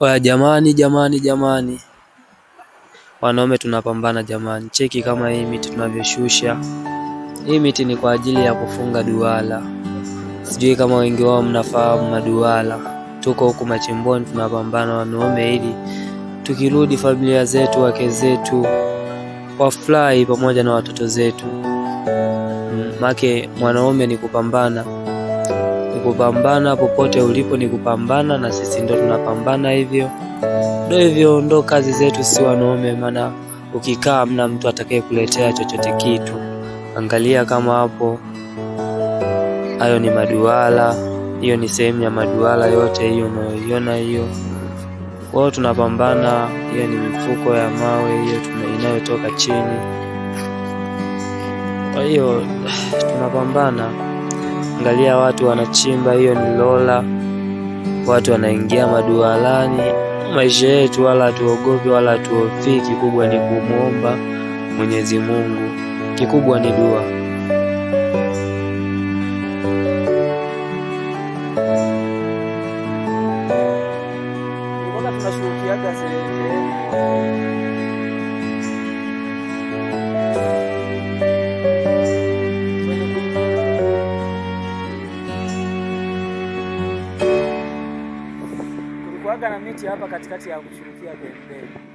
Oya jamani jamani jamani, wanaume tunapambana jamani! Cheki kama hii miti tunavyoshusha. Hii miti ni kwa ajili ya kufunga duara. Sijui kama wengi wao mnafahamu maduara. Tuko huku machimboni tunapambana wanaume, ili tukirudi familia zetu, wake zetu wafurahi pamoja na watoto zetu. Hmm, make mwanaume ni kupambana. Kukupambana popote ulipo ni kupambana, na sisi ndo tunapambana hivyo. Ndo hivyo, ndo kazi zetu, si wanaume. Maana ukikaa mna mtu kuletea chochote kitu. Angalia kama hapo, hayo ni maduala, hiyo ni sehemu ya maduala yote hiyo unayoiona hiyo. Kwao tunapambana, hiyo ni mifuko ya mawe hiyo inayotoka chini. Kwa hiyo tunapambana ukiangalia watu wanachimba, hiyo ni lola. Watu wanaingia madualani. Maisha yetu wala hatuogopi wala hatuhofii, kikubwa ni kumwomba Mwenyezi Mungu, kikubwa ni dua. kuwaga na miti hapa katikati ya kushirikia pembeni.